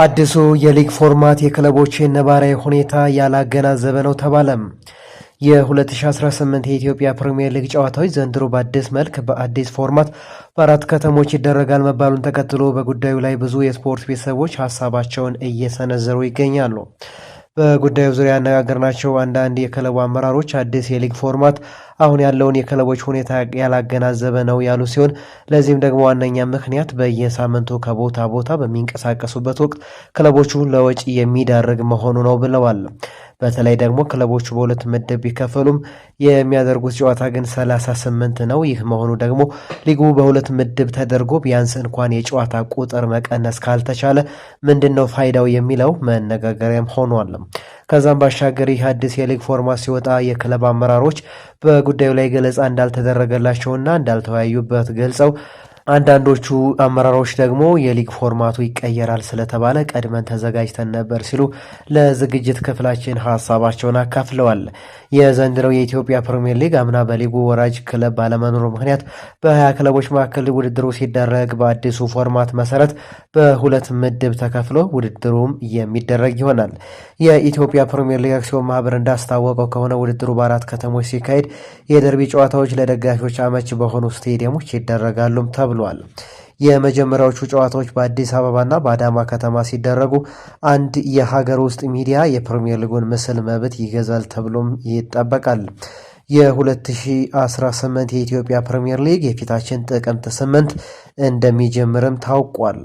አዲሱ የሊግ ፎርማት የክለቦችን ነባራዊ ሁኔታ ያላገናዘበ ነው ተባለም። የ2018 የኢትዮጵያ ፕሪምየር ሊግ ጨዋታዎች ዘንድሮ በአዲስ መልክ በአዲስ ፎርማት በአራት ከተሞች ይደረጋል መባሉን ተከትሎ በጉዳዩ ላይ ብዙ የስፖርት ቤተሰቦች ሀሳባቸውን እየሰነዘሩ ይገኛሉ። በጉዳዩ ዙሪያ ያነጋገርናቸው አንዳንድ የክለቡ አመራሮች አዲስ የሊግ ፎርማት አሁን ያለውን የክለቦች ሁኔታ ያላገናዘበ ነው ያሉ ሲሆን ለዚህም ደግሞ ዋነኛ ምክንያት በየሳምንቱ ከቦታ ቦታ በሚንቀሳቀሱበት ወቅት ክለቦቹ ለወጪ የሚዳርግ መሆኑ ነው ብለዋል። በተለይ ደግሞ ክለቦቹ በሁለት ምድብ ቢከፈሉም የሚያደርጉት ጨዋታ ግን 38 ነው። ይህ መሆኑ ደግሞ ሊጉ በሁለት ምድብ ተደርጎ ቢያንስ እንኳን የጨዋታ ቁጥር መቀነስ ካልተቻለ ምንድን ነው ፋይዳው የሚለው መነጋገሪያም ሆኗል። ከዛም ባሻገር ይህ አዲስ የሊግ ፎርማ ሲወጣ የክለብ አመራሮች በጉዳዩ ላይ ገለጻ እንዳልተደረገላቸውና እንዳልተወያዩበት ገልጸው አንዳንዶቹ አመራሮች ደግሞ የሊግ ፎርማቱ ይቀየራል ስለተባለ ቀድመን ተዘጋጅተን ነበር ሲሉ ለዝግጅት ክፍላችን ሀሳባቸውን አካፍለዋል። የዘንድሮው የኢትዮጵያ ፕሪምየር ሊግ አምና በሊጉ ወራጅ ክለብ ባለመኖሩ ምክንያት በሀያ ክለቦች መካከል ውድድሩ ሲደረግ በአዲሱ ፎርማት መሰረት በሁለት ምድብ ተከፍሎ ውድድሩም የሚደረግ ይሆናል። የኢትዮጵያ ፕሪምየር ሊግ አክሲዮን ማህበር እንዳስታወቀው ከሆነ ውድድሩ በአራት ከተሞች ሲካሄድ የደርቢ ጨዋታዎች ለደጋፊዎች አመች በሆኑ ስቴዲየሞች ይደረጋሉም ተብሏል። ተብሏል። የመጀመሪያዎቹ ጨዋታዎች በአዲስ አበባና በአዳማ ከተማ ሲደረጉ አንድ የሀገር ውስጥ ሚዲያ የፕሪምየር ሊጉን ምስል መብት ይገዛል ተብሎም ይጠበቃል። የ2018 የኢትዮጵያ ፕሪምየር ሊግ የፊታችን ጥቅምት ስምንት እንደሚጀምርም ታውቋል።